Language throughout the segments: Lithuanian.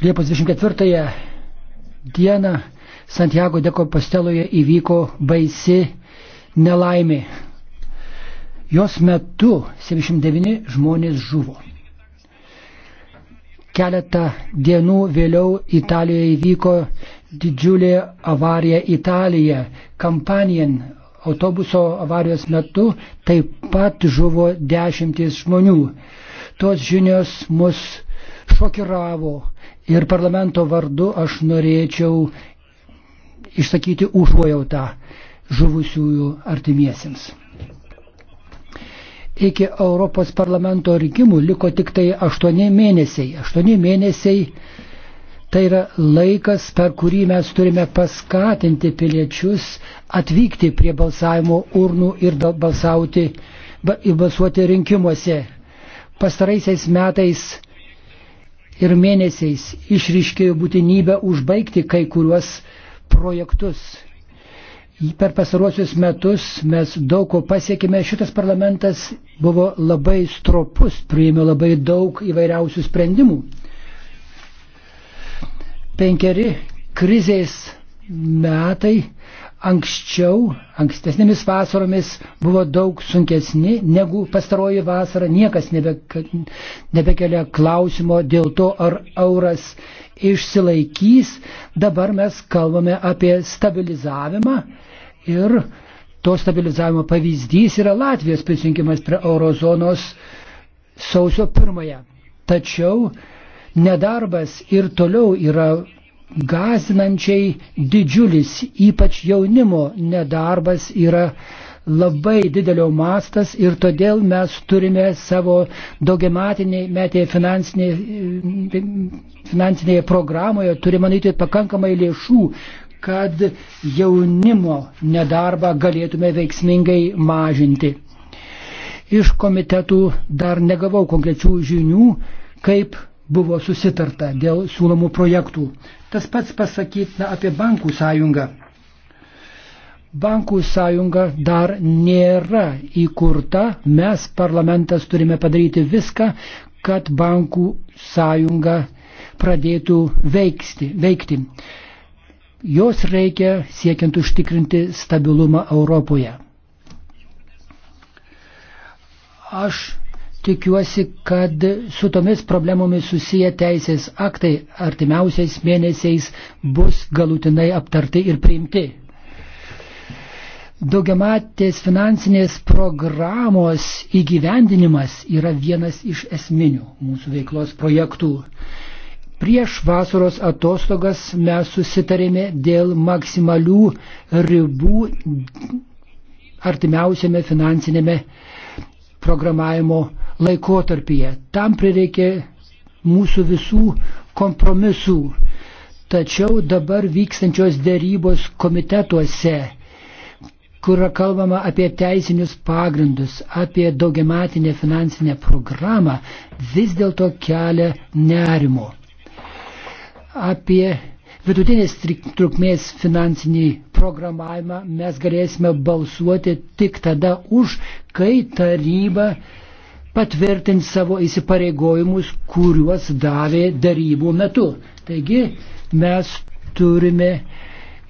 Liepos 24 dieną Santiago de Composteloje įvyko baisi nelaimė. Jos metu 79 žmonės žuvo. Keletą dienų vėliau Italijoje įvyko didžiulė avarija Italija. Kampanien autobuso avarijos metu taip pat žuvo dešimtis žmonių. Tos žinios mus šokiravo ir parlamento vardu aš norėčiau išsakyti užuojautą žuvusiųjų artimiesiems. Iki Europos parlamento rinkimų liko tik tai 8 mėnesiai. 8 mėnesiai tai yra laikas, per kurį mes turime paskatinti piliečius atvykti prie balsavimo urnų ir balsauti, balsuoti rinkimuose. Pastaraisiais metais ir mėnesiais išryškėjo būtinybę užbaigti kai kuriuos projektus. Per pasaruosius metus mes daug ko pasiekime. Šitas parlamentas buvo labai stropus, priėmė labai daug įvairiausių sprendimų. Penkeri krizės metai Anksčiau, ankstesnėmis vasaromis buvo daug sunkesni negu pastaroji vasara. Niekas nebe, nebekelia klausimo dėl to, ar euras išsilaikys. Dabar mes kalbame apie stabilizavimą ir to stabilizavimo pavyzdys yra Latvijos prisijungimas prie eurozonos sausio pirmąją. Tačiau nedarbas ir toliau yra gazinančiai didžiulis, ypač jaunimo nedarbas yra labai didelio mastas ir todėl mes turime savo daugiamatinėje metėje finansinėje, finansinėje programoje, turime manyti pakankamai lėšų, kad jaunimo nedarbą galėtume veiksmingai mažinti. Iš komitetų dar negavau konkrečių žinių, kaip buvo susitarta dėl siūlomų projektų. Tas pats pasakytina apie bankų sąjungą. Bankų sąjunga dar nėra įkurta, mes parlamentas turime padaryti viską, kad bankų sąjunga pradėtų veiksti, veikti. Jos reikia siekiant užtikrinti stabilumą Europoje. Aš tikiuosi, kad su tomis problemomis susiję teisės aktai artimiausiais mėnesiais bus galutinai aptarti ir priimti. Daugiamatės finansinės programos įgyvendinimas yra vienas iš esminių mūsų veiklos projektų. Prieš vasaros atostogas mes susitarėme dėl maksimalių ribų artimiausiame finansinėme programavimo laikotarpyje. Tam prireikė mūsų visų kompromisų. Tačiau dabar vykstančios dėrybos komitetuose, kur kalbama apie teisinius pagrindus, apie daugiamatinę finansinę programą, vis dėlto kelia nerimo. Apie vidutinės trukmės finansinį programavimą mes galėsime balsuoti tik tada už, kai taryba patvirtins savo įsipareigojimus, kuriuos davė darybų metu. Taigi mes turime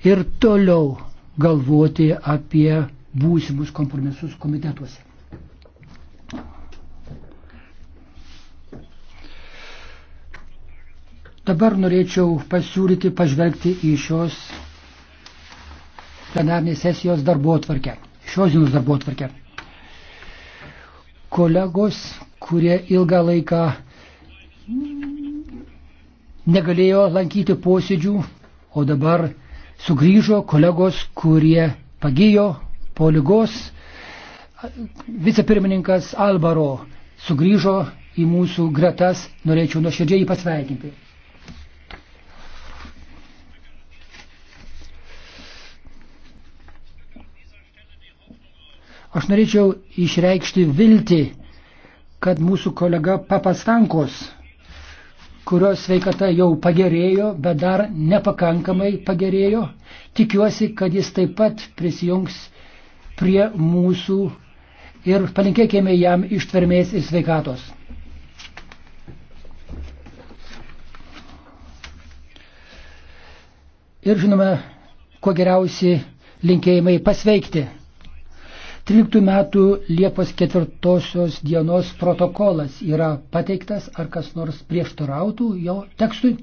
ir toliau galvoti apie būsimus kompromisus komitetuose. Dabar norėčiau pasiūlyti pažvelgti į šios plenarinės sesijos darbo atvarkę, šios dienos darbo atvarkę. Kolegos, kurie ilgą laiką negalėjo lankyti posėdžių, o dabar sugrįžo kolegos, kurie pagijo po lygos. Vicepirmininkas Albaro sugrįžo į mūsų gretas, norėčiau nuoširdžiai jį pasveikinti. Aš norėčiau išreikšti viltį, kad mūsų kolega Papastankos, kurios sveikata jau pagerėjo, bet dar nepakankamai pagerėjo, tikiuosi, kad jis taip pat prisijungs prie mūsų ir palinkėkime jam ištvermės ir sveikatos. Ir žinoma, kuo geriausi linkėjimai pasveikti. 13 metų Liepos 4 dienos protokolas yra pateiktas, ar kas nors prieštarautų jo tekstui?